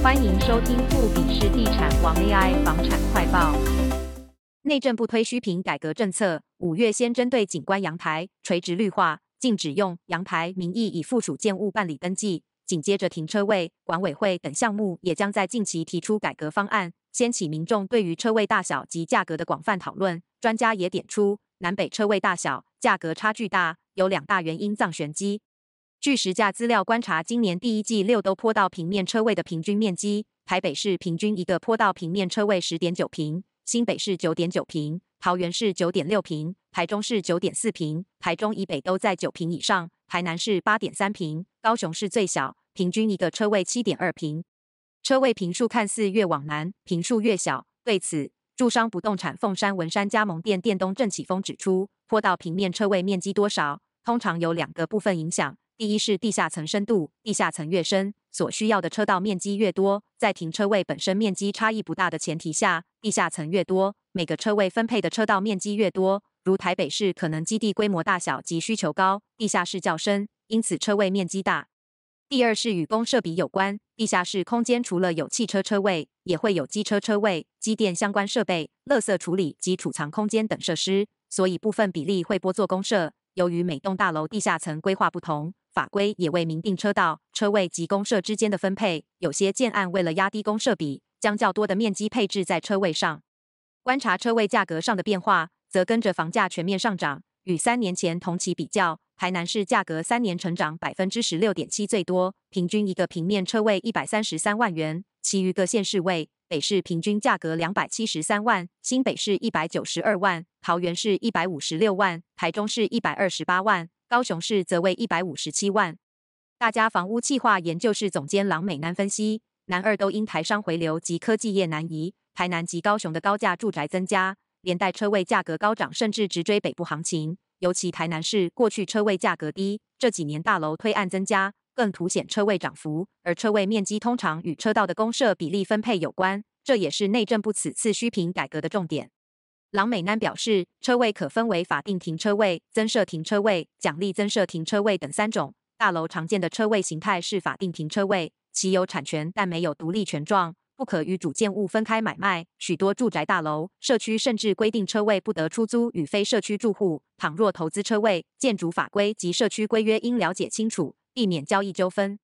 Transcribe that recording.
歡迎收聽富比士地產王 AI 房產快報。內政部推虛坪改革政策，五月先針對景觀陽台、垂直綠化禁止用陽台名義以附屬建物辦理登記。緊接着停車位、管委會等項目也將在近期提出改革方案，掀起民眾對於車位大小及價格的廣泛討論。專家也點出，南北車位大小、價格差距大，有兩大原因藏玄機。據實價資料觀察，今年第一季六都坡道平面車位的平均面積，台北市平均一個坡道平面車位十點九平，新北市九點九平，桃園市九點六平，台中市九點四平，台中以北都在九平以上，台南市八點三平，高雄市最小，平均一個車位七點二平。車位坪數看似越往南，坪數越小，對此，住商不動產鳳山文山加盟店店東鄭啟峰指出，坡道平面車位面積多少，通常有兩個部分影響。第一是地下層深度，地下層越深，所需要的車道面積越多。在停車位本身面積差異不大的前提下，地下層越多，每個車位分配的車道面積越多。如台北市可能基地規模大小及需求高，地下室較深，因此車位面積大。第二是與公設比有關，地下室空間除了有汽車車位，也會有機車車位、機電相關設備、垃圾處理及儲藏空間等設施，所以部分比例會撥作公設。由於每棟大樓地下層規劃不同，法規也未明定車道、車位及公設之間的分配。有些建案為了壓低公設比，將較多的面積配置在車位上。觀察車位價格上的變化，則跟着房價全面上漲。與三年前同期比較，台南市價格三年成長百分之十六點七最多，平均一個平面車位一百三十三萬元，其餘各縣市為。北市平均價格兩百七十三萬，新北市一百九十二萬，桃園市一百五十六萬，台中市一百二十八萬，高雄市則為一百五十七萬。大家房屋企劃研究室總監郎美南分析，南二都因台商回流及科技業南移，台南及高雄的高價住宅增加，連帶車位價格高漲，甚至直追北部行情。尤其台南市過去車位價格低，這幾年大樓推案增加。更凸顯車位漲幅，而車位面積通常與車道的公設比例分配有關，這也是內政部此次虛坪改革的重點。郎美男表示，車位可分為法定停車位、增設停車位、獎勵增設停車位等三種。大樓常見的車位形態是法定停車位，其有產權但沒有獨立權狀，不可與主建物分開買賣。許多住宅大樓社區甚至規定車位不得出租與非社區住戶。倘若投資車位，建築法規及社區規約應了解清楚，避免交易糾紛。